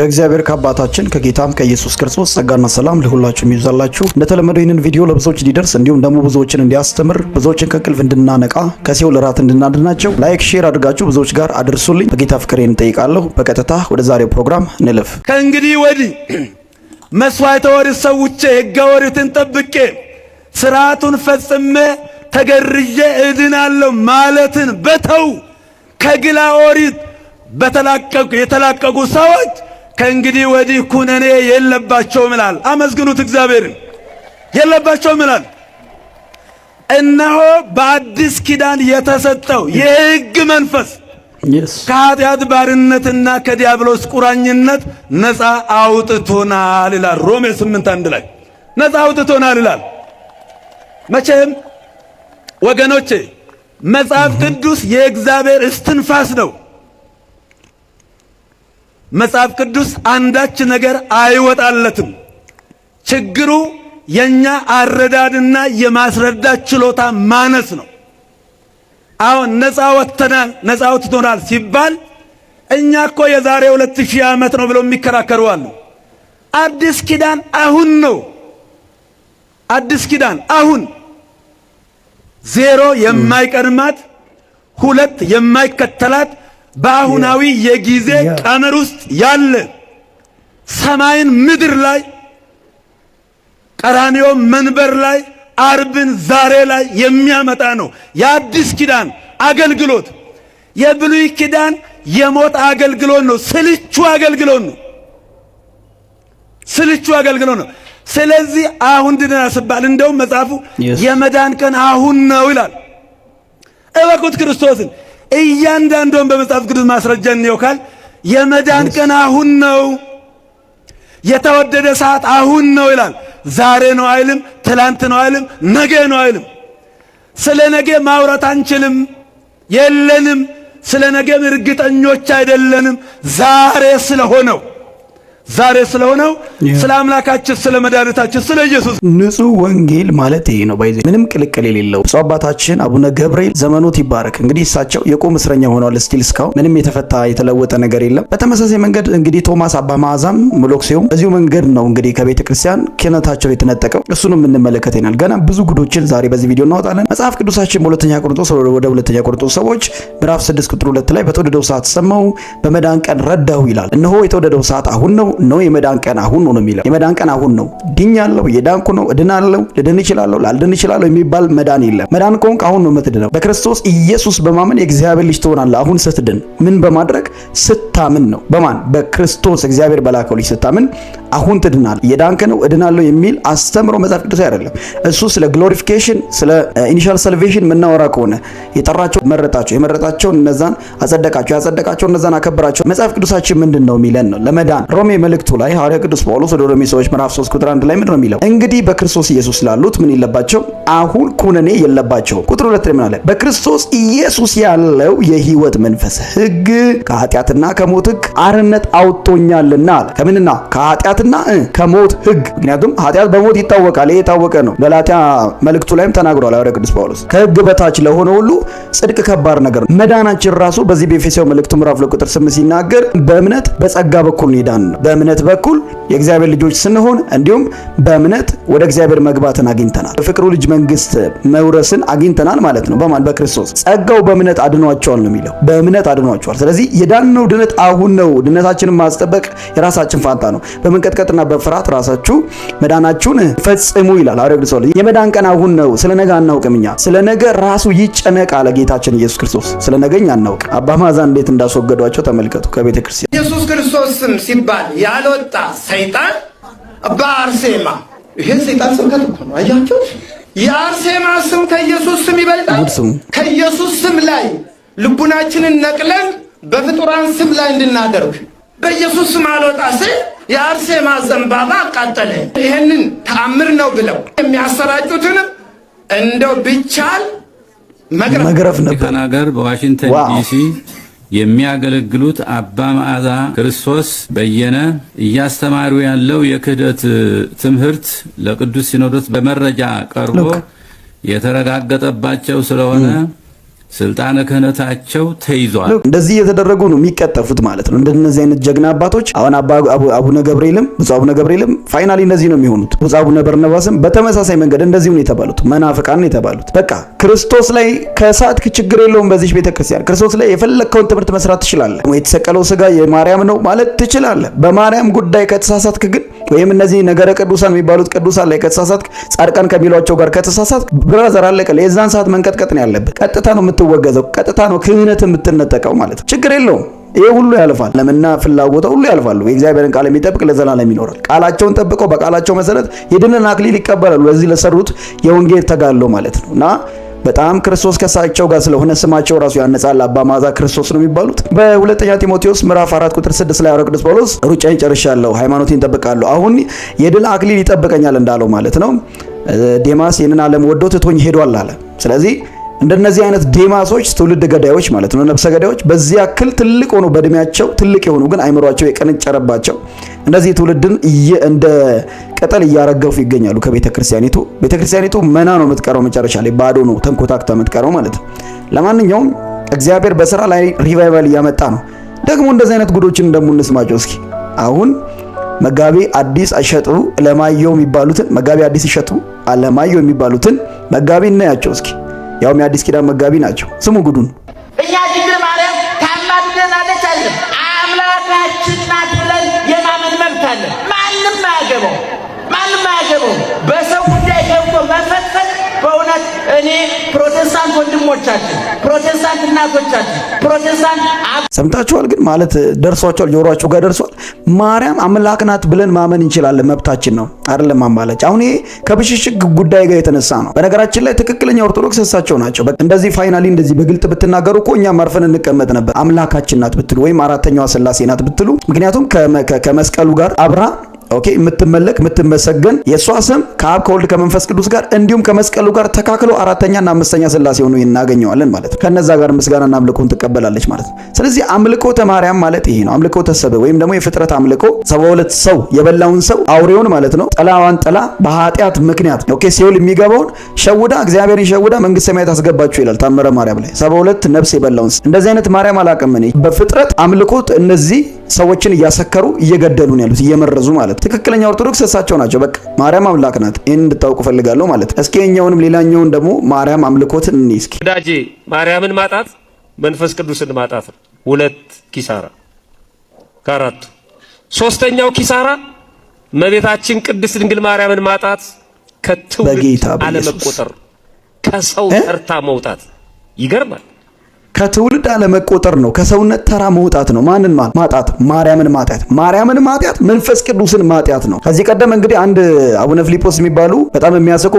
ከእግዚአብሔር ከአባታችን ከጌታም ከኢየሱስ ክርስቶስ ጸጋና ሰላም ለሁላችሁ ይብዛላችሁ። እንደተለመደው ይህንን ቪዲዮ ለብዙዎች እንዲደርስ እንዲሁም ደግሞ ብዙዎችን እንዲያስተምር ብዙዎችን ከእንቅልፍ እንድናነቃ ከሲኦል እራት እንድናድናቸው ላይክ፣ ሼር አድርጋችሁ ብዙዎች ጋር አድርሱልኝ። በጌታ ፍቅሬን እንጠይቃለሁ። በቀጥታ ወደ ዛሬው ፕሮግራም እንልፍ ከእንግዲህ ወዲህ መስዋዕተ ኦሪት ሰውቼ ሕገ ኦሪትን ጠብቄ ስርዓቱን ፈጽሜ ተገርዤ እድናለሁ ማለትን በተው ከግላ ኦሪት በተላቀቁ የተላቀቁ ሰዎች ከእንግዲህ ወዲህ ኩነኔ የለባቸውም ይላል። አመስግኑት እግዚአብሔርን። የለባቸውም ይላል። እነሆ በአዲስ ኪዳን የተሰጠው የሕግ መንፈስ ከኃጢአት ባርነትና ከዲያብሎስ ቁራኝነት ነፃ አውጥቶናል ይላል ሮሜ ስምንት አንድ ላይ ነፃ አውጥቶናል ይላል። መቼም ወገኖቼ መጽሐፍ ቅዱስ የእግዚአብሔር እስትንፋስ ነው። መጽሐፍ ቅዱስ አንዳች ነገር አይወጣለትም። ችግሩ የኛ አረዳድና የማስረዳት ችሎታ ማነስ ነው። አሁን ነፃ ወጥተናል፣ ነፃ ወጥቶናል ሲባል እኛ እኮ የዛሬ 2000 ሺህ ዓመት ነው ብለው የሚከራከሩ አሉ። አዲስ ኪዳን አሁን ነው። አዲስ ኪዳን አሁን ዜሮ የማይቀድማት ሁለት የማይከተላት በአሁናዊ የጊዜ ቀመር ውስጥ ያለ ሰማይን ምድር ላይ ቀራንዮ መንበር ላይ አርብን ዛሬ ላይ የሚያመጣ ነው። የአዲስ ኪዳን አገልግሎት የብሉይ ኪዳን የሞት አገልግሎት ነው። ስልቹ አገልግሎት ነው። ስልቹ አገልግሎት ነው። ስለዚህ አሁን ድነና ስባል እንደውም መጽሐፉ የመዳን ቀን አሁን ነው ይላል። እወቁት ክርስቶስን እያንዳንዷን በመጽሐፍ ቅዱስ ማስረጃ እንየው ካል የመዳን ቀን አሁን ነው፣ የተወደደ ሰዓት አሁን ነው ይላል። ዛሬ ነው አይልም፣ ትላንት ነው አይልም፣ ነገ ነው አይልም። ስለ ነገ ማውራት አንችልም፣ የለንም። ስለ ነገም እርግጠኞች አይደለንም። ዛሬ ስለሆነው ዛሬ ስለሆነው ስለ አምላካችን ስለ መድኃኒታችን ስለ ኢየሱስ ንጹህ ወንጌል ማለት ይሄ ነው። ባይዘ ምንም ቅልቅል የሌለው ብፁዕ አባታችን አቡነ ገብርኤል ዘመኖት ይባረክ። እንግዲህ እሳቸው የቁም እስረኛ ሆነዋል። ስቲል እስካሁን ምንም የተፈታ የተለወጠ ነገር የለም። በተመሳሳይ መንገድ እንግዲህ ቶማስ አባ መዓዛም ሙሎክሲዮም በዚሁ መንገድ ነው እንግዲህ ከቤተ ክርስቲያን ክህነታቸው የተነጠቀው። እሱንም እንመለከት ይናል። ገና ብዙ ጉዶችን ዛሬ በዚህ ቪዲዮ እናወጣለን። መጽሐፍ ቅዱሳችን በሁለተኛ ቆርንጦስ ወደ ሁለተኛ ቆርንጦስ ሰዎች ምዕራፍ 6 ቁጥር 2 ላይ በተወደደው ሰዓት ሰማሁ፣ በመዳን ቀን ረዳሁ ይላል። እነሆ የተወደደው ሰዓት አሁን ነው ነው የመዳን ቀን አሁን ነው የሚለው። የመዳን ቀን አሁን ነው። ድኛለሁ፣ የዳንኩ ነው፣ እድናለሁ፣ ልድን እችላለሁ፣ ላልድን እችላለሁ የሚባል መዳን የለም። መዳን ከሆንክ አሁን ነው የምትድነው። በክርስቶስ ኢየሱስ በማመን የእግዚአብሔር ልጅ ትሆናለህ። አሁን ስትድን ምን በማድረግ ስታምን ነው። በማን በክርስቶስ እግዚአብሔር በላከው ልጅ ስታምን አሁን ትድናለህ። የዳንክ ነው፣ እድናለሁ የሚል አስተምሮ መጽሐፍ ቅዱስ አይደለም። እሱ ስለ ግሎሪፊኬሽን ስለ ኢኒሻል ሰልቬሽን የምናወራ ከሆነ የጠራቸው መረጣቸው፣ የመረጣቸውን እነዛን አጸደቃቸው፣ ያጸደቃቸው እነዛን አከበራቸው። መጽሐፍ ቅዱሳችን ምንድን ነው የሚለን ነው ለመዳን ሮሜ መልእክቱ ላይ ሐዋርያ ቅዱስ ጳውሎስ ወደ ሮሜ ሰዎች ምዕራፍ 3 ቁጥር 1 ላይ ነው የሚለው? እንግዲህ በክርስቶስ ኢየሱስ ላሉት ምን የለባቸው? አሁን ኩነኔ የለባቸው። ቁጥር 2 ላይ ምን አለ? በክርስቶስ ኢየሱስ ያለው የህይወት መንፈስ ህግ ከኃጢአትና ከሞት ህግ አርነት አውጥቶኛልና አለ። ከምንና ከኃጢአትና ከሞት ህግ። ምክንያቱም ኃጢአት በሞት ይታወቃል። ይሄ የታወቀ ነው። ገላትያ መልእክቱ ላይም ተናግሯል ሐዋርያ ቅዱስ ጳውሎስ። ከህግ በታች ለሆነ ሁሉ ጽድቅ ከባድ ነገር ነው። መዳናችን ራሱ በዚህ በኤፌሶ መልእክቱ ምዕራፍ ለቁጥር 8 ሲናገር በእምነት በጸጋ በኩል ይዳን ነው በእምነት በኩል የእግዚአብሔር ልጆች ስንሆን እንዲሁም በእምነት ወደ እግዚአብሔር መግባትን አግኝተናል። በፍቅሩ ልጅ መንግስት መውረስን አግኝተናል ማለት ነው። በማን በክርስቶስ ጸጋው በእምነት አድኗቸዋል ነው የሚለው። በእምነት አድኗቸዋል። ስለዚህ የዳነው ድነት አሁን ነው። ድነታችንን ማስጠበቅ የራሳችን ፋንታ ነው። በመንቀጥቀጥና በፍርሃት ራሳችሁ መዳናችሁን ፈጽሙ ይላል አረ ግልጽ ነው። የመዳን ቀን አሁን ነው። ስለ ነገ አናውቅም እኛ። ስለ ነገ ራሱ ይጨነቅ አለ ጌታችን ኢየሱስ ክርስቶስ። ስለ ነገኝ አናውቅ። አባ እንዴት እንዳስወገዷቸው ተመልከቱ። ከቤተ ክርስቲያን ኢየሱስ ክርስቶስ ስም ሲባል ያልወጣ ሰይጣን በአርሴማ ይሄ ሰይጣን ስብከት እኮ ነው። አያቸው የአርሴማ ስም ከኢየሱስ ስም ይበልጣል። ከኢየሱስ ስም ላይ ልቡናችንን ነቅለን በፍጡራን ስም ላይ እንድናደርግ በኢየሱስ ስም አልወጣ ስል የአርሴማ ዘንባባ አቃጠለ። ይህንን ተአምር ነው ብለው የሚያሰራጩትንም እንደው ቢቻል መግረፍ ነበር። ተናገር በዋሽንግተን ዲሲ የሚያገለግሉት አባ መዓዛ ክርስቶስ በየነ እያስተማሩ ያለው የክህደት ትምህርት ለቅዱስ ሲኖዶስ በመረጃ ቀርቦ የተረጋገጠባቸው ስለሆነ ስልጣነ ክህነታቸው ተይዟል። እንደዚህ እየተደረጉ ነው የሚቀጠፉት ማለት ነው። እንደነዚህ አይነት ጀግና አባቶች አሁን አቡነ ገብርኤልም ብፁዕ አቡነ ገብርኤልም ፋይናሊ እንደዚህ ነው የሚሆኑት። ብፁዕ አቡነ በርናባስም በተመሳሳይ መንገድ እንደዚሁ ነው የተባሉት። መናፍቃን ነው የተባሉት። በቃ ክርስቶስ ላይ ከሰዓት ችግር የለውም። በዚህ ቤተክርስቲያን ክርስቶስ ላይ የፈለግከውን ትምህርት መስራት ትችላለህ። የተሰቀለው ስጋ የማርያም ነው ማለት ትችላለህ። በማርያም ጉዳይ ከተሳሳትክ ግን ወይም እነዚህ ነገረ ቅዱሳን የሚባሉት ቅዱሳን ላይ ከተሳሳትክ፣ ጻድቃን ከሚሏቸው ጋር ከተሳሳት ብራዘር አለቀ። የዛን ሰዓት መንቀጥቀጥ ነው ያለብህ። ቀጥታ ነው የምትወገዘው። ቀጥታ ነው ክህነት የምትነጠቀው ማለት ነው። ችግር የለውም። ይሄ ሁሉ ያልፋል። ለምና ፍላጎታ ሁሉ ያልፋሉ። የእግዚአብሔርን ቃል የሚጠብቅ ለዘላለም ይኖራል። ቃላቸውን ጠብቀው በቃላቸው መሰረት የድንን አክሊል ይቀበላሉ። ለዚህ ለሰሩት የወንጌል ተጋድሎ ማለት ነው እና በጣም ክርስቶስ ከሳቸው ጋር ስለሆነ ስማቸው ራሱ ያነጻል። አባ ማዛ ክርስቶስ ነው የሚባሉት። በሁለተኛ ጢሞቴዎስ ምዕራፍ 4 ቁጥር 6 ላይ ሐዋርያው ቅዱስ ጳውሎስ ሩጫዬን ጨርሻለሁ፣ ሃይማኖቴን እጠብቃለሁ፣ አሁን የድል አክሊል ይጠብቀኛል እንዳለው ማለት ነው። ዴማስ ይህንን ዓለም ወዶ ትቶኝ ሄዷል አለ። ስለዚህ እንደነዚህ አይነት ዴማሶች ትውልድ ገዳዮች ማለት ነው፣ ነፍሰ ገዳዮች በዚያ ክል ትልቅ ሆኖ በእድሜያቸው ትልቅ የሆኑ ግን አይምሯቸው የቀነጨረባቸው እነዚህ ትውልድን እንደ ቅጠል እያረገፉ ይገኛሉ ከቤተ ክርስቲያኒቱ። ቤተ ክርስቲያኒቱ መና ነው የምትቀረው፣ መጨረሻ ላይ ባዶ ነው ተንኮታክታ የምትቀረው ማለት ነው። ለማንኛውም እግዚአብሔር በስራ ላይ ሪቫይቫል እያመጣ ነው። ደግሞ እንደዚህ አይነት ጉዶችን ደግሞ እንስማቸው እስኪ አሁን መጋቢ አዲስ አሸጡ አለማየሁ የሚባሉትን መጋቢ አዲስ እሸቱ አለማየሁ የሚባሉትን መጋቢ እናያቸው እስኪ ያውም የአዲስ ኪዳን መጋቢ ናቸው። ስሙ ጉዱን አይደለም። በሰው ጉዳይ ገብቶ መፈትፈት በእውነት እኔ ፕሮቴስታንት ወንድሞቻችን፣ ፕሮቴስታንት እናቶቻችን፣ ፕሮቴስታንት ሰምታችኋል። ግን ማለት ደርሷቸዋል፣ ጆሯቸው ጋር ደርሷል። ማርያም አምላክ ናት ብለን ማመን እንችላለን፣ መብታችን ነው አይደለም ማማለች። አሁን ይሄ ከብሽሽግ ጉዳይ ጋር የተነሳ ነው። በነገራችን ላይ ትክክለኛ ኦርቶዶክስ እሳቸው ናቸው። እንደዚህ ፋይናሊ እንደዚህ በግልጥ ብትናገሩ እኮ እኛ ማርፈን እንቀመጥ ነበር። አምላካችን ናት ብትሉ ወይም አራተኛዋ ስላሴ ናት ብትሉ፣ ምክንያቱም ከመስቀሉ ጋር አብራ ኦኬ የምትመለክ የምትመሰገን የእሷ ስም ከአብ ከወልድ ከመንፈስ ቅዱስ ጋር እንዲሁም ከመስቀሉ ጋር ተካክሎ አራተኛና አምስተኛ ስላሴ ሆኖ እናገኘዋለን ማለት ነው። ከነዛ ጋር ምስጋናና አምልኮን ትቀበላለች ማለት ነው። ስለዚህ አምልኮተ ማርያም ማለት ይሄ ነው። አምልኮተ ሰብእ ወይም ደግሞ የፍጥረት አምልኮ ሰባ ሁለት ሰው የበላውን ሰው አውሬውን ማለት ነው ጠላዋን ጠላ በኃጢአት ምክንያት ኦኬ ሲውል የሚገባውን ሸውዳ እግዚአብሔርን ሸውዳ መንግስት ሰማያት አስገባችሁ ይላል ታምረ ማርያም ላይ ሰባ ሁለት ነፍስ የበላውን እንደዚህ አይነት ማርያም አላቅምን በፍጥረት አምልኮት እነዚህ ሰዎችን እያሰከሩ እየገደሉ ነው ያሉት፣ እየመረዙ ማለት። ትክክለኛ ኦርቶዶክስ እሳቸው ናቸው። በቃ ማርያም አምላክ ናት። ይህን እንድታውቁ ፈልጋለሁ ማለት። እስኪ የኛውንም ሌላኛውን ደግሞ ማርያም አምልኮትን እኔ እስኪ ወዳጄ ማርያምን ማጣት መንፈስ ቅዱስን ማጣት ነው። ሁለት ኪሳራ ከአራቱ። ሶስተኛው ኪሳራ እመቤታችን ቅድስት ድንግል ማርያምን ማጣት ከትውልድ አለመቆጠር፣ ከሰው ተርታ መውጣት ይገርማል። ከትውልድ አለመቆጠር ነው። ከሰውነት ተራ መውጣት ነው። ማንን ማጣት? ማርያምን ማጣት። ማርያምን ማጣት መንፈስ ቅዱስን ማጣት ነው። ከዚህ ቀደም እንግዲህ አንድ አቡነ ፊሊጶስ የሚባሉ በጣም የሚያሰቁ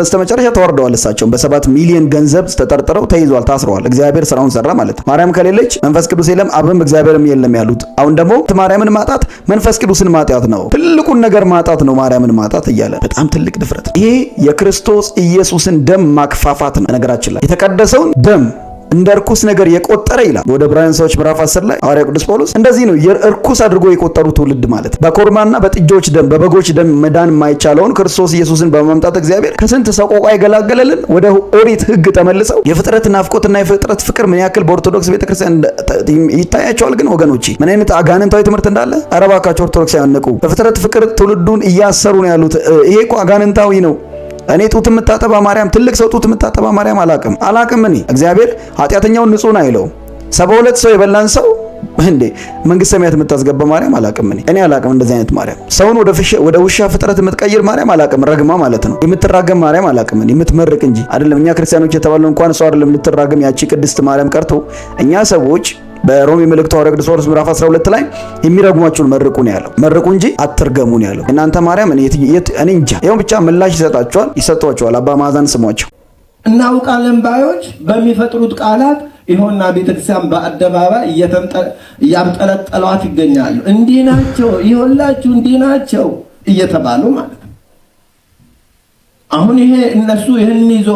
በስተመጨረሻ ተወርደዋል እሳቸውን በሰባት ሚሊዮን ገንዘብ ተጠርጥረው ተይዟል፣ ታስረዋል። እግዚአብሔር ስራውን ሰራ ማለት ነው። ማርያም ከሌለች መንፈስ ቅዱስ የለም፣ አብም እግዚአብሔርም የለም ያሉት አሁን ደግሞ ማርያምን ማጣት መንፈስ ቅዱስን ማጣት ነው። ትልቁን ነገር ማጣት ነው። ማርያምን ማጣት እያለ በጣም ትልቅ ድፍረት። ይሄ የክርስቶስ ኢየሱስን ደም ማክፋፋት ነው። ነገራችን ላይ የተቀደሰውን ደም እንደ እርኩስ ነገር የቆጠረ ይላል ወደ ዕብራውያን ሰዎች ምዕራፍ 10 ላይ ሐዋርያ ቅዱስ ጳውሎስ እንደዚህ ነው እርኩስ አድርጎ የቆጠሩ ትውልድ ማለት በኮርማና በጥጆች ደም በበጎች ደም መዳን የማይቻለውን ክርስቶስ ኢየሱስን በማምጣት እግዚአብሔር ከስንት ሰቆቋ የገላገለልን ወደ ኦሪት ሕግ ተመልሰው የፍጥረት ናፍቆትና የፍጥረት ፍቅር ምን ያክል በኦርቶዶክስ ቤተክርስቲያን ይታያቸዋል። ግን ወገኖች ምን አይነት አጋንንታዊ ትምህርት እንዳለ አረባካቸው ኦርቶዶክስ ያነቁ በፍጥረት ፍቅር ትውልዱን እያሰሩ ነው ያሉት። ይሄ እኮ አጋንንታዊ ነው። እኔ ጡት የምታጠባ ማርያም ትልቅ ሰው ጡት የምታጠባ ማርያም አላቅም አላቅም። እኔ እግዚአብሔር ኃጢአተኛውን ንጹህ አይለው። ሰባ ሁለት ሰው የበላን ሰው እንዴ መንግስት ሰማያት የምታስገባ ማርያም አላቅም። እኔ እኔ አላቅም እንደዚህ አይነት ማርያም። ሰውን ወደ ውሻ ፍጥረት የምትቀይር ማርያም አላቅም። ረግማ ማለት ነው የምትራገም ማርያም አላቅም። እኔ የምትመርቅ እንጂ አይደለም። እኛ ክርስቲያኖች የተባለው እንኳን ሰው አይደለም ልትራገም ያቺ ቅድስት ማርያም ቀርቶ እኛ ሰዎች በሮሜ መልእክቱ ሐዋርያው ቅዱስ ጳውሎስ ምዕራፍ 12 ላይ የሚረግሟችሁን መርቁ ነው ያለው። መርቁ እንጂ አትርገሙ ነው ያለው። እናንተ ማርያም እኔ እንጃ። ይኸው ብቻ ምላሽ ይሰጣቸዋል፣ ይሰጧቸዋል። አባ ማዛን ስሟቸው እናውቃለን ባዮች በሚፈጥሩት ቃላት ይሆና ቤተክርስቲያን በአደባባይ እያብጠለጠሏት ይገኛሉ። እንዲህ ናቸው ይሆላችሁ፣ እንዲህ ናቸው እየተባሉ ማለት ነው። አሁን ይሄ እነሱ ይህን ይዞ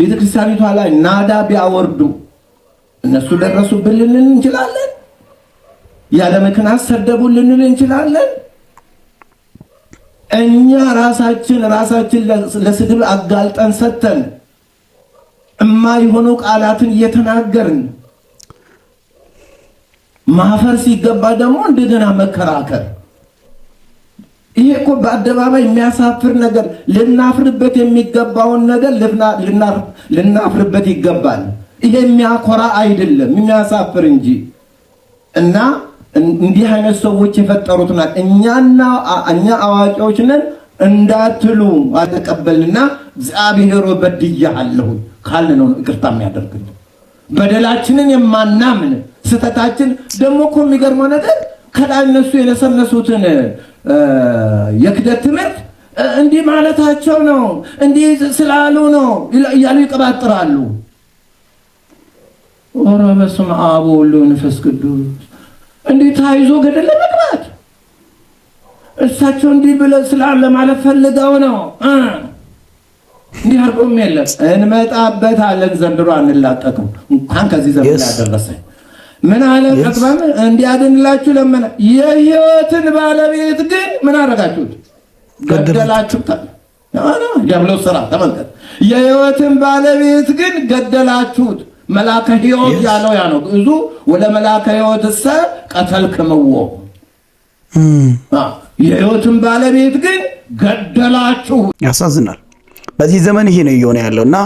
ቤተክርስቲያኒቷ ላይ ናዳ ቢያወርዱ እነሱ ደረሱብን ልንል እንችላለን። ያለ ምክንያት ሰደቡን ልንል እንችላለን። እኛ ራሳችን ራሳችን ለስድብ አጋልጠን ሰጥተን እማይሆኑ ቃላትን እየተናገርን ማፈር ሲገባ ደግሞ እንደገና መከራከር ይሄ እኮ በአደባባይ የሚያሳፍር ነገር ልናፍርበት የሚገባውን ነገር ልናፍርበት ይገባል። የሚያኮራ አይደለም የሚያሳፍር እንጂ እና እንዲህ አይነት ሰዎች የፈጠሩት ናት። እኛና እኛ አዋቂዎች ነን እንዳትሉ አልተቀበልና እግዚአብሔር በድያለሁ ካል ነው ይቅርታ የሚያደርግልን። በደላችንን የማናምን ስህተታችን ደግሞ እኮ የሚገርመው ነገር ከላይ እነሱ የነሰነሱትን የክደት ትምህርት እንዲህ ማለታቸው ነው እንዲህ ስላሉ ነው እያሉ ይቀባጥራሉ። ኧረ በስመ አብ ወወልድ ወመንፈስ ቅዱስ እንዲህ ታይዞ ገደል ለመግባት እሳቸው እንዲህ ብለ ስላለ ማለት ፈልገው ነው። እንዲህ አርቆም የለም እንመጣበታለን። ዘንድሮ አንላጠቅም። እንኳን ከዚህ ዘመን ያደረሰኝ ምን አለ ቀጥባን እንዲያድንላችሁ ለመነ። የህይወትን ባለቤት ግን ምን አደረጋችሁት? ገደላችሁ። ዲያብሎስ ስራ ተመልከት። የህይወትን ባለቤት ግን ገደላችሁት። መልአከ ሕይወት ያለው ያ ነው። ብዙ ወደ መልአከ ሕይወት እሰ ቀተልክምዎ hmm. የሕይወትን ባለቤት ግን ገደላችሁ። ያሳዝናል። በዚህ ዘመን ይሄ ነው እየሆነ ያለው እና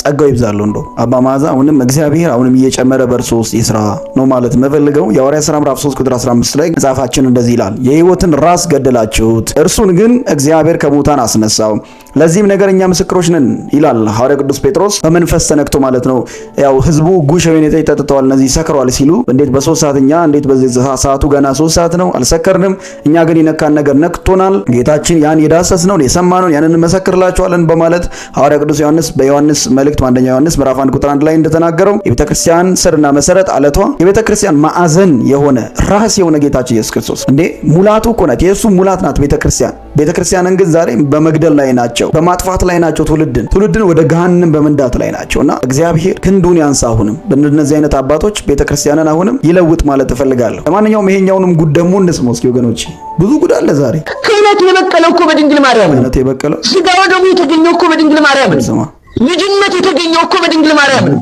ጸጋው ይብዛለሁ። እንዶ አባ መዓዛ አሁንም እግዚአብሔር አሁንም እየጨመረ በርሶ ውስጥ የሥራ ነው ማለት የምፈልገው የሐዋርያት ሥራ ምዕራፍ 3 ቁጥር 15 ላይ መጽሐፋችን እንደዚህ ይላል፣ የህይወትን ራስ ገደላችሁት፣ እርሱን ግን እግዚአብሔር ከሙታን አስነሳው ለዚህም ነገር እኛ ምስክሮች ነን ይላል ሐዋርያ ቅዱስ ጴጥሮስ በመንፈስ ተነክቶ ማለት ነው። ያው ህዝቡ ጉሽ ወይን ጠጥተዋል፣ እነዚህ ሰክረዋል ሲሉ እንዴት በሶስት ሰዓት እኛ እንዴት በዚህ ሰዓቱ ገና ሶስት ሰዓት ነው አልሰከርንም፣ እኛ ግን የነካን ነገር ነክቶናል፣ ጌታችን ያን የዳሰስ ነው የሰማ ነው ያንን እንመሰክርላቸዋለን በማለት ሐዋርያ ቅዱስ ዮሐንስ በዮሐንስ መልእክት አንደኛ ዮሐንስ ምዕራፍ 1 ቁጥር 1 ላይ እንደተናገረው የቤተ ክርስቲያን ስርና መሰረት አለቷ የቤተ ክርስቲያን ማዕዘን የሆነ ራስ የሆነ ጌታችን ኢየሱስ ክርስቶስ እንዴ ሙላቱ እኮ ናት። የእሱ ሙላት ናት ቤተ ክርስቲያን ቤተ ክርስቲያንን ግን ዛሬ በመግደል ላይ ናቸው፣ በማጥፋት ላይ ናቸው። ትውልድን ትውልድን ወደ ገሃንም በመንዳት ላይ ናቸው እና እግዚአብሔር ክንዱን ያንሳ። አሁንም በእነዚህ አይነት አባቶች ቤተ ክርስቲያንን አሁንም ይለውጥ ማለት እፈልጋለሁ። ለማንኛውም ይሄኛውንም ጉድ ደግሞ እንስማው እስኪ ወገኖች፣ ብዙ ጉድ አለ ዛሬ። ክህነቱ የበቀለው እኮ በድንግል ማርያም ነው። የበቀለው ስጋው ደግሞ የተገኘው እኮ በድንግል ማርያም ነው። ልጅነት የተገኘው እኮ በድንግል ማርያም ነው።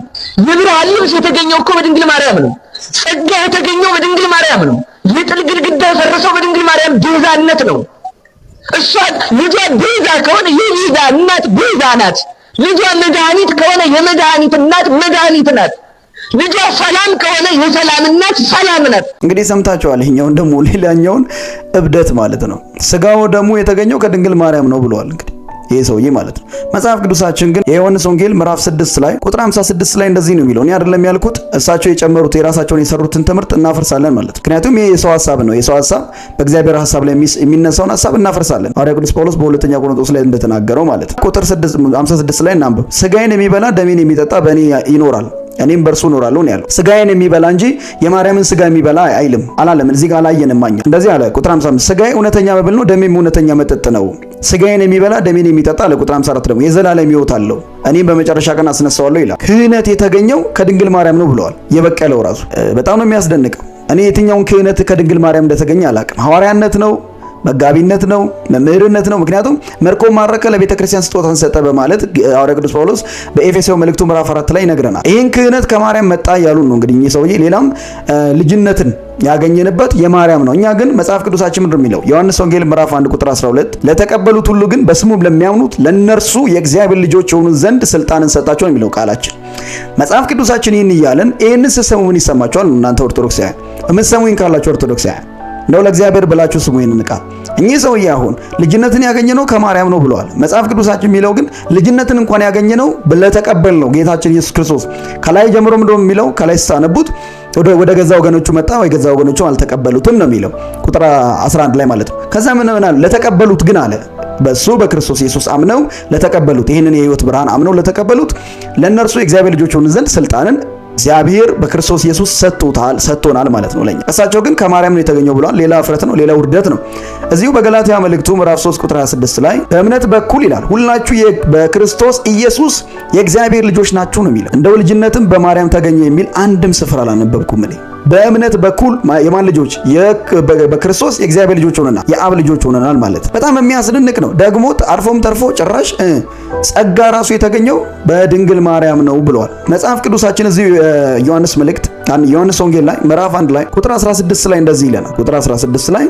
የብርሃን ልብስ የተገኘው እኮ በድንግል ማርያም ነው። ጸጋ የተገኘው በድንግል ማርያም ነው። የጥል ግድግዳ የፈረሰው በድንግል ማርያም ቤዛነት ነው። እሷን ልጇን ቤዛ ከሆነ የቤዛ እናት ቤዛ ናት። ልጇ መድኃኒት ከሆነ የመድኃኒት እናት መድኃኒት ናት። ልጇ ሰላም ከሆነ የሰላም እናት ሰላም ናት። እንግዲህ ሰምታችኋል። ይህኛውን ደግሞ ሌላኛውን እብደት ማለት ነው። ስጋው ደግሞ የተገኘው ከድንግል ማርያም ነው ብለዋል እንግዲህ ይሄ ሰውዬ ማለት ነው። መጽሐፍ ቅዱሳችን ግን የዮሐንስ ወንጌል ምዕራፍ 6 ላይ ቁጥር 56 ላይ እንደዚህ ነው የሚለው እኔ አይደለም ያልኩት እሳቸው የጨመሩት የራሳቸውን የሰሩትን ትምህርት እናፈርሳለን ማለት ነው። ምክንያቱም ይሄ የሰው ሐሳብ ነው። የሰው ሐሳብ በእግዚአብሔር ሐሳብ ላይ የሚነሳውን ሐሳብ እናፈርሳለን። ሐዋርያ ቅዱስ ጳውሎስ በሁለተኛ ቆሮንቶስ ላይ እንደተናገረው ማለት ነው። ቁጥር 56 ላይ እናንብብ። ስጋዬን የሚበላ ደሜን የሚጠጣ በእኔ ይኖራል እኔም በእርሱ እኖራለሁ ነው ያለው። ስጋዬን የሚበላ እንጂ የማርያምን ስጋ የሚበላ አይልም አላለም። እዚህ ጋር አላየንም። እንደዚህ አለ ቁጥር 55 ስጋዬ እውነተኛ መብል ነው፣ ደሜም እውነተኛ መጠጥ ነው። ስጋዬን የሚበላ ደሜን የሚጠጣ ለቁጥር 54 ደግሞ የዘላለም ሕይወት አለው እኔም በመጨረሻ ቀን አስነሳዋለሁ ይላል። ክህነት የተገኘው ከድንግል ማርያም ነው ብለዋል። የበቀለው ራሱ በጣም ነው የሚያስደንቀው። እኔ የትኛውን ክህነት ከድንግል ማርያም እንደተገኘ አላቅም። ሐዋርያነት ነው መጋቢነት ነው፣ መምህርነት ነው። ምክንያቱም መርቆም ማረከ ለቤተ ክርስቲያን ስጦታን ሰጠ በማለት ሐዋርያው ቅዱስ ጳውሎስ በኤፌሶ መልእክቱ ምዕራፍ አራት ላይ ይነግረናል። ይህን ክህነት ከማርያም መጣ እያሉ ነው እንግዲህ ይህ ሰውዬ። ሌላም ልጅነትን ያገኘንበት የማርያም ነው። እኛ ግን መጽሐፍ ቅዱሳችን ምንድን የሚለው ዮሐንስ ወንጌል ምዕራፍ 1 ቁጥር 12 ለተቀበሉት ሁሉ ግን በስሙም ለሚያምኑት ለነርሱ የእግዚአብሔር ልጆች የሆኑ ዘንድ ስልጣንን ሰጣቸው ነው የሚለው ቃላችን። መጽሐፍ ቅዱሳችን ይህን እያለን ይህን ስሰሙ ምን ይሰማቸዋል? እናንተ ኦርቶዶክሳውያን የምትሰሙኝ ካላችሁ ኦርቶዶክሳውያን እንደው ለእግዚአብሔር ብላችሁ ስሙ ይህንን ቃል። እኚህ ሰውዬ አሁን ልጅነትን ያገኘነው ከማርያም ነው ብለዋል። መጽሐፍ ቅዱሳችን የሚለው ግን ልጅነትን እንኳን ያገኘነው ለተቀበልነው ጌታችን ኢየሱስ ክርስቶስ። ከላይ ጀምሮ እንደውም የሚለው ከላይ ስታነቡት ወደ ገዛ ወገኖቹ መጣ ወይ ገዛ ወገኖቹ አልተቀበሉትም ነው የሚለው ቁጥር 11 ላይ ማለት ነው። ከዛ ምን ምን ለተቀበሉት ግን አለ በሱ በክርስቶስ ኢየሱስ አምነው ለተቀበሉት ይህንን የህይወት ብርሃን አምነው ለተቀበሉት ለእነርሱ የእግዚአብሔር ልጆች ሆኑ ዘንድ ስልጣንን እግዚአብሔር በክርስቶስ ኢየሱስ ሰጥቶታል ሰጥቶናል ማለት ነው ለኛ። እሳቸው ግን ከማርያም ነው የተገኘው ብሏል። ሌላ እፍረት ነው፣ ሌላ ውርደት ነው። እዚሁ በገላትያ መልእክቱ ምዕራፍ 3 ቁጥር 26 ላይ በእምነት በኩል ይላል ሁላችሁ በክርስቶስ ኢየሱስ የእግዚአብሔር ልጆች ናችሁ ነው የሚለው። እንደው ልጅነትም በማርያም ተገኘ የሚል አንድም ስፍራ አላነበብኩም እኔ። በእምነት በኩል የማን ልጆች በክርስቶስ የእግዚአብሔር ልጆች ሆነናል፣ የአብ ልጆች ሆነናል ማለት በጣም የሚያስደንቅ ነው። ደግሞ አልፎም ተርፎ ጭራሽ ጸጋ ራሱ የተገኘው በድንግል ማርያም ነው ብለዋል መጽሐፍ ቅዱሳችን። እዚህ ዮሐንስ መልእክት ዮሐንስ ወንጌል ላይ ምዕራፍ 1 ላይ ቁጥር 16 ላይ እንደዚህ ይለናል። ቁጥር 16 ላይ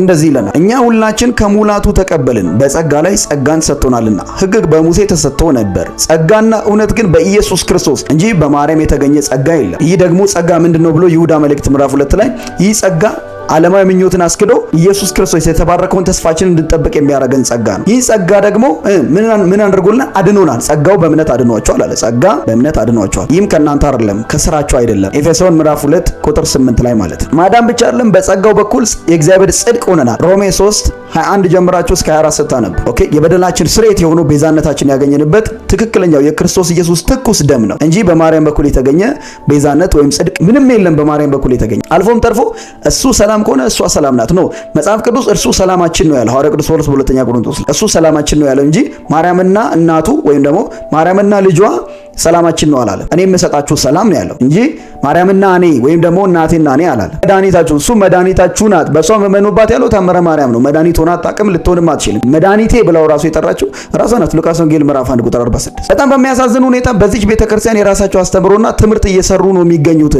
እንደዚህ ይለናል፣ እኛ ሁላችን ከሙላቱ ተቀበልን፣ በጸጋ ላይ ጸጋን ሰጥቶናልና። ሕግ በሙሴ ተሰጥቶ ነበር፣ ጸጋና እውነት ግን በኢየሱስ ክርስቶስ እንጂ በማርያም የተገኘ ጸጋ የለም። ይህ ደግሞ ጸጋ ምንድነው ብሎ ይሁዳ መልእክት ምዕራፍ ሁለት ላይ ይህ ጸጋ ዓለማዊ ምኞትን አስክዶ ኢየሱስ ክርስቶስ የተባረከውን ተስፋችን እንድንጠብቅ የሚያደርገን ጸጋ ነው። ይህ ጸጋ ደግሞ ምን አድርጎልናል? አድኖናል። ጸጋው በእምነት አድኗቸዋል አለ። ጸጋ በእምነት አድኗቸዋል። ይህም ከእናንተ አይደለም ከስራቸው አይደለም። ኤፌሶን ምዕራፍ 2 ቁጥር 8 ላይ ማለት ነው። ማዳን ብቻ አይደለም፣ በጸጋው በኩል የእግዚአብሔር ጽድቅ ሆነናል። ሮሜ 3 21 ጀምራችሁ እስከ 24 ስታነብ ኦኬ። የበደላችን ስርየት የሆነው ቤዛነታችን ያገኘንበት ትክክለኛው የክርስቶስ ኢየሱስ ትኩስ ደም ነው እንጂ በማርያም በኩል የተገኘ ቤዛነት ወይም ጽድቅ ምንም የለም። በማርያም በኩል የተገኘ አልፎም ተርፎ እሱ ሰላም ሰላም ከሆነ እሷ ሰላም ናት ነው። መጽሐፍ ቅዱስ እርሱ ሰላማችን ነው ያለው ሐዋርያ ቅዱስ ጳውሎስ በሁለተኛ ቆሮንቶስ እሱ ሰላማችን ነው ያለው እንጂ ማርያምና እናቱ ወይም ደግሞ ማርያምና ልጇ ሰላማችን ነው አላለም። እኔ የምሰጣችሁ ሰላም ነው ያለው እንጂ ማርያምና እኔ ወይም ደግሞ እናቴና እኔ አላለም። መድኃኒታችሁ እሱ መድኃኒታችሁ ናት፣ በእሷ መመኑባት ያለው ታምረ ማርያም ነው። መድኃኒት ሆና አታውቅም፣ ልትሆንም አትችልም። መድኃኒቴ ብለው ራሱ የጠራችው ራሷ ናት። ሉቃስ ወንጌል ምዕራፍ 1 ቁጥር 46። በጣም በሚያሳዝን ሁኔታ በዚች ቤተክርስቲያን የራሳቸው አስተምሮና ትምህርት እየሰሩ ነው የሚገኙት።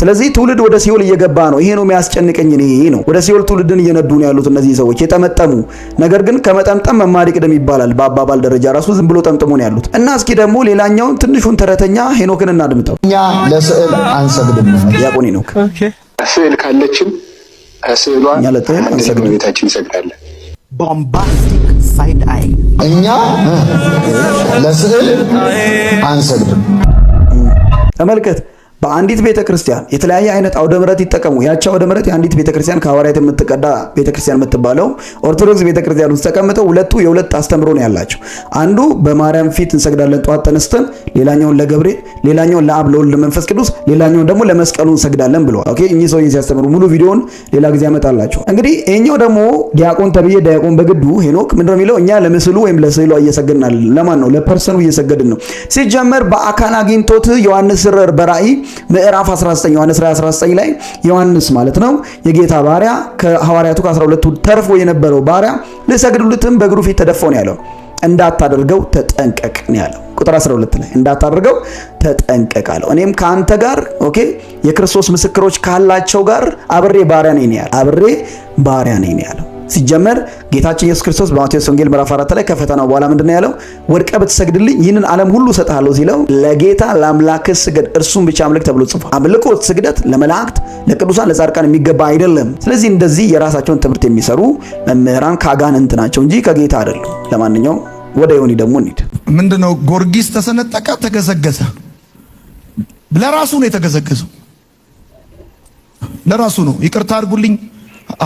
ስለዚህ ትውልድ ወደ ሲኦል እየገባ ነው። ይሄ ነው የሚያስጨንቀኝ ይሄ ነው። ወደ ሲኦል ትውልድን እየነዱ ነው ያሉት እነዚህ ሰዎች የጠመጠሙ ነገር ግን ከመጠምጠም መማር ይቅደም ይባላል። በአባባል ደረጃ ራሱ ዝም ብሎ ጠምጥሞ ነው ያሉት። እና እስኪ ደግሞ ሌላኛውን ትንሹን ተረተኛ ሄኖክን እናድምጠው። እኛ ለስዕል አንሰግድም። ዲያቆን ሄኖክ ስዕል ካለችን ስዕሏን ቤታችን እንሰግዳለን። ቦምባስቲክ ሳይድ አይ እኛ ለስዕል አንሰግድም። ተመልከት በአንዲት ቤተ ክርስቲያን የተለያየ አይነት አውደ ምረት ይጠቀሙ። ያቻ አውደ ምረት የአንዲት ቤተ ክርስቲያን ከሐዋርያት የምትቀዳ ቤተ ክርስቲያን የምትባለው ኦርቶዶክስ ቤተ ክርስቲያን ውስጥ ተቀምጠው ሁለቱ የሁለት አስተምሮ ነው ያላቸው። አንዱ በማርያም ፊት እንሰግዳለን ጠዋት ተነስተን፣ ሌላኛውን ለገብርኤል፣ ሌላኛውን ለአብ ለወልድ መንፈስ ቅዱስ፣ ሌላኛውን ደግሞ ለመስቀሉ እንሰግዳለን ብለዋል። ኦኬ እኚህ ሰውዬ ሲያስተምሩ ሙሉ ቪዲዮውን ሌላ ጊዜ ያመጣላቸው። እንግዲህ ይሄኛው ደግሞ ዲያቆን ተብዬ ዲያቆን በግዱ ሄኖክ ምንድን ነው የሚለው? እኛ ለምስሉ ወይም ለስዕሉ እየሰገድናል። ለማን ነው? ለፐርሰኑ እየሰገድን ነው። ሲጀመር በአካል አግኝቶት ዮሐንስ ርር በራእይ ምዕራፍ 19 ዮሐንስ 19 ላይ ዮሐንስ ማለት ነው የጌታ ባሪያ ከሐዋርያቱ ከ12ቱ ተርፎ የነበረው ባሪያ ልሰግዱልትም በእግሩ ፊት ተደፋው ነው ያለው። እንዳታደርገው ተጠንቀቅ ነው ያለው። ቁጥር 12 ላይ እንዳታደርገው ተጠንቀቅ አለው። እኔም ከአንተ ጋር ኦኬ የክርስቶስ ምስክሮች ካላቸው ጋር አብሬ ባሪያ ነኝ ያለው። አብሬ ባሪያ ነኝ ያለው ሲጀመር ጌታችን ኢየሱስ ክርስቶስ በማቴዎስ ወንጌል ምዕራፍ 4 ላይ ከፈተናው በኋላ ምንድነው ያለው? ወድቀ ብትሰግድልኝ ይህንን ዓለም ሁሉ እሰጥሃለሁ ሲለው ለጌታ ለአምላክ ስገድ፣ እርሱን ብቻ አምልክ ተብሎ ጽፏል። አምልኮት ስግደት ለመላእክት፣ ለቅዱሳን፣ ለጻድቃን የሚገባ አይደለም። ስለዚህ እንደዚህ የራሳቸውን ትምህርት የሚሰሩ መምህራን ከአጋንንት ናቸው እንጂ ከጌታ አይደሉም። ለማንኛውም ወደ ዮኒ ደግሞ እንሂድ። ምንድነው ጎርጊስ ተሰነጠቀ፣ ተገዘገዘ። ለራሱ ነው የተገዘገዘው፣ ለራሱ ነው። ይቅርታ አድርጉልኝ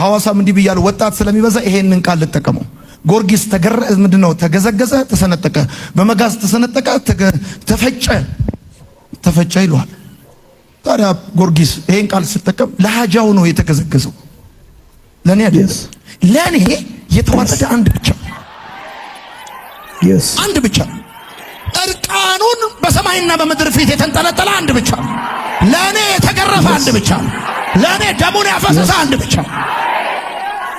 ሐዋሳም እንዲህ ብያለሁ። ወጣት ስለሚበዛ ይሄንን ቃል ልጠቀመው። ጎርጊስ ተገረ ምንድነው? ተገዘገዘ፣ ተሰነጠቀ፣ በመጋዝ ተሰነጠቀ፣ ተፈጨ፣ ተፈጨ ይለዋል። ታዲያ ጎርጊስ ይሄን ቃል ስጠቀም ለሀጃው ነው የተገዘገዘው፣ ለኔ አይደለም። ለኔ የተዋረደ አንድ ብቻ አንድ ብቻ እርቃኑን በሰማይና በምድር ፊት የተንጠለጠለ አንድ ብቻ ለእኔ የተገረፈ አንድ ብቻ ነው። ለእኔ ደሙን ያፈሰሰ አንድ ብቻ።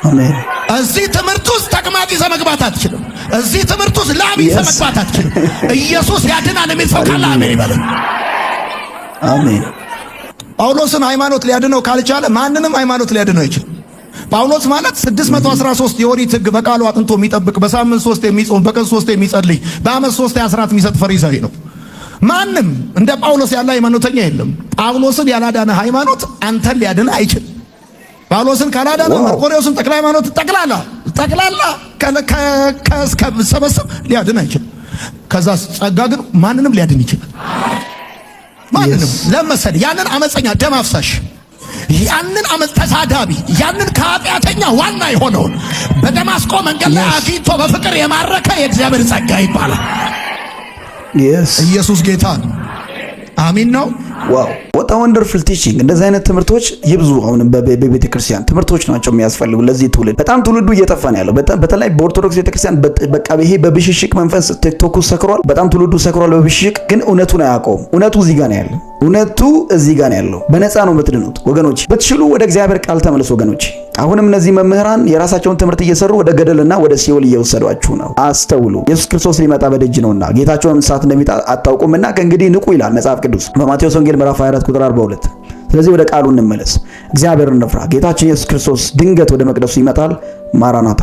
አሜን። እዚህ ትምህርት ውስጥ ተቅማጥ ይዘህ መግባት አትችልም። እዚህ ትምህርት ውስጥ ላብ ይዘህ መግባት አትችልም። ኢየሱስ ያድናል የሚል ሰው ካለ አሜን ይበል። አሜን። ጳውሎስን ሃይማኖት ሊያድነው ካልቻለ ማንንም ሃይማኖት ሊያድነው ይችል። ጳውሎስ ማለት 613 የኦሪት ሕግ በቃሉ አጥንቶ የሚጠብቅ በሳምንት ሶስት የሚጾም በቀን ሶስት የሚጸልይ በአመት ሶስት አስራት የሚሰጥ ፈሪሳዊ ነው። ማንም እንደ ጳውሎስ ያለ ሃይማኖተኛ የለም። ጳውሎስን ያላዳነ ሃይማኖት አንተን ሊያድን አይችል። ጳውሎስን ካላዳነ መርቆሬዎስን ተክለ ሃይማኖት ጠቅላላ ጠቅላላ ከሰበሰብ ሊያድን አይችል። ከዛ ጸጋ ግን ማንንም ሊያድን ይችላል። ማንንም ለመሰል ያንን አመፀኛ ደም አፍሳሽ ያንን አመፅ ተሳዳቢ ያንን ከኃጢአተኛ ዋና የሆነውን በደማስቆ መንገድ ላይ አግኝቶ በፍቅር የማረከ የእግዚአብሔር ጸጋ ይባላል። ኢየሱስ ጌታ ነው። አሚን ነው። ዋው ወጣ ወንደርፉል ቲቺንግ። እንደዚህ አይነት ትምህርቶች ይብዙ። አሁን በቤተ ክርስቲያን ትምህርቶች ናቸው የሚያስፈልጉ ለዚህ ትውልድ። በጣም ትውልዱ እየጠፋ ነው ያለው፣ በተለይ በኦርቶዶክስ ቤተ ክርስቲያን። በቃ ይሄ በብሽሽቅ መንፈስ ቲክቶኩ ሰክሯል፣ በጣም ትውልዱ ሰክሯል በብሽሽቅ። ግን እውነቱን አያውቀውም። እውነቱ እዚህ ጋር ነው ያለው። እውነቱ እዚህ ጋር ነው ያለው። በነፃ ነው የምትድኑት ወገኖች። ብትችሉ ወደ እግዚአብሔር ቃል ተመለሱ ወገኖች። አሁንም እነዚህ መምህራን የራሳቸውን ትምህርት እየሰሩ ወደ ገደልና ወደ ሲኦል እየወሰዷችሁ ነው። አስተውሉ። ኢየሱስ ክርስቶስ ሊመጣ በደጅ ነውና ጌታቸውን ሰዓት እንደሚጣ አታውቁምና ከእንግዲህ ንቁ ይላል መጽሐፍ ቅዱስ በማቴዎስ ወንጌል ወንጌል ምዕራፍ 24 ቁጥር 42። ስለዚህ ወደ ቃሉ እንመለስ። እግዚአብሔር እንፍራ። ጌታችን ኢየሱስ ክርስቶስ ድንገት ወደ መቅደሱ ይመጣል። ማራናታ